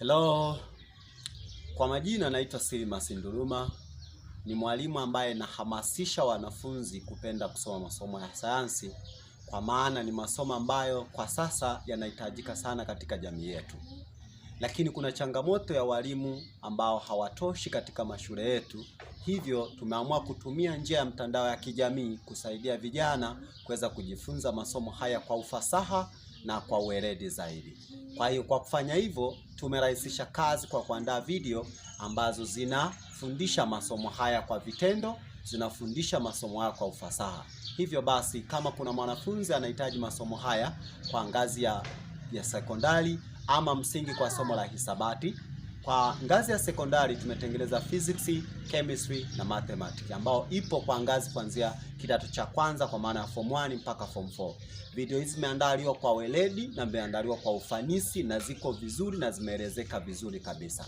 Hello. Kwa majina naitwa Silmas Nduluma, ni mwalimu ambaye nahamasisha wanafunzi kupenda kusoma masomo ya sayansi kwa maana ni masomo ambayo kwa sasa yanahitajika sana katika jamii yetu. Lakini kuna changamoto ya walimu ambao hawatoshi katika mashule yetu, hivyo tumeamua kutumia njia ya mtandao ya kijamii kusaidia vijana kuweza kujifunza masomo haya kwa ufasaha na kwa uweledi zaidi. Kwa hiyo kwa kufanya hivyo, tumerahisisha kazi kwa kuandaa video ambazo zinafundisha masomo haya kwa vitendo, zinafundisha masomo haya kwa ufasaha. Hivyo basi, kama kuna mwanafunzi anahitaji masomo haya kwa ngazi ya, ya sekondari ama msingi kwa somo la hisabati kwa ngazi ya sekondari tumetengeneza physics, chemistry na mathematics ambao ipo kwa ngazi kuanzia kidato cha kwanza kwa maana ya form 1 mpaka form 4. Video hizi zimeandaliwa kwa weledi na zimeandaliwa kwa ufanisi na ziko vizuri na zimeelezeka vizuri kabisa.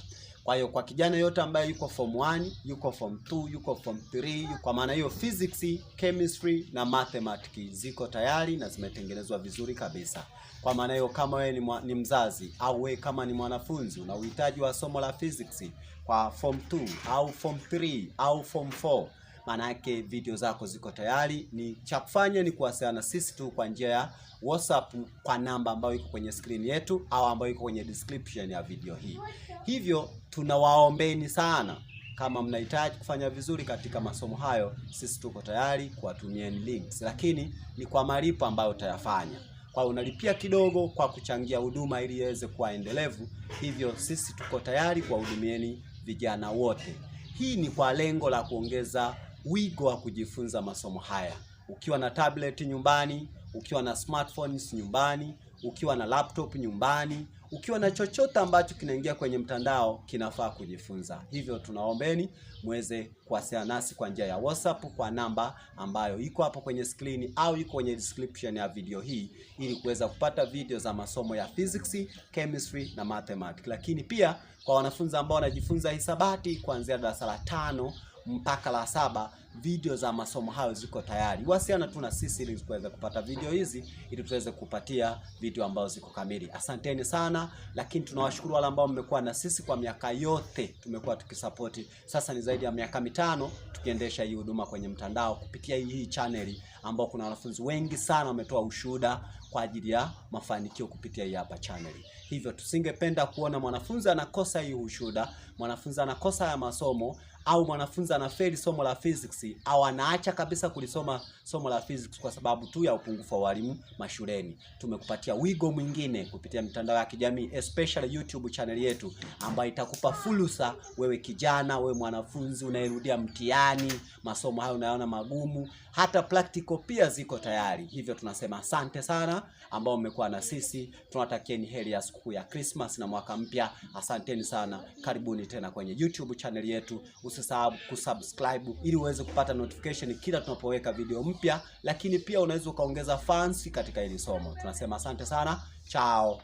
Kwa hiyo kwa kijana yote ambaye yuko form 1, yuko form 2, yuko form 3, kwa maana hiyo physics, chemistry na mathematics ziko tayari na zimetengenezwa vizuri kabisa. Kwa maana hiyo kama wewe ni, ni mzazi au wewe kama ni mwanafunzi una uhitaji wa somo la physics kwa form 2 au form 3 au form 4 maana yake video zako ziko tayari. Ni cha kufanya ni kuwasiliana sisi tu kwa njia ya WhatsApp kwa namba ambayo iko kwenye screen yetu au ambayo iko kwenye description ya video hii. Hivyo tunawaombeni sana kama mnahitaji kufanya vizuri katika masomo hayo, sisi tuko tayari kuwatumieni links, lakini ni kwa malipo ambayo utayafanya kwa unalipia kidogo kwa kuchangia huduma ili iweze kuwa endelevu. Hivyo sisi tuko tayari kuwahudumieni vijana wote. Hii ni kwa lengo la kuongeza wigo wa kujifunza masomo haya, ukiwa na tablet nyumbani, ukiwa na smartphones nyumbani, ukiwa na laptop nyumbani, ukiwa na chochote ambacho kinaingia kwenye mtandao kinafaa kujifunza. Hivyo tunaombeni muweze kuwasiliana nasi kwa njia ya WhatsApp kwa namba ambayo iko hapo kwenye screen au iko kwenye description ya video hii, ili kuweza kupata video za masomo ya physics, chemistry na mathematics. Lakini pia kwa wanafunzi ambao wanajifunza hisabati kuanzia darasa la tano mpaka la saba video za masomo hayo ziko tayari. Wasiana tu na sisi ili tuweze kupata video hizi ili tuweze kupatia video ambazo ziko kamili. Asanteni sana, lakini tunawashukuru wale ambao mmekuwa na sisi kwa miaka yote, tumekuwa tukisapoti. Sasa ni zaidi ya miaka mitano tukiendesha hii huduma kwenye mtandao kupitia hii chaneli, ambao kuna wanafunzi wengi sana wametoa ushuhuda kwa ajili ya mafanikio kupitia hii hapa chaneli. Hivyo tusingependa kuona mwanafunzi anakosa hii ushuhuda, mwanafunzi anakosa haya masomo au mwanafunzi anafeli somo la physics au anaacha kabisa kulisoma somo la physics kwa sababu tu ya upungufu wa walimu mashuleni. Tumekupatia wigo mwingine kupitia mitandao ya kijamii especially YouTube channel yetu ambayo itakupa fursa wewe kijana, wewe mwanafunzi unayerudia mtihani, masomo hayo unayaona magumu, hata practical pia ziko tayari. Hivyo tunasema asante sana ambao mmekuwa na sisi, tunawatakieni heri ya sikukuu ya Christmas na mwaka mpya. Asanteni sana, karibuni tena kwenye YouTube channel yetu usisahau kusubscribe ili uweze kupata notification kila tunapoweka video mpya, lakini pia unaweza ukaongeza fans katika hili somo. Tunasema asante sana, chao.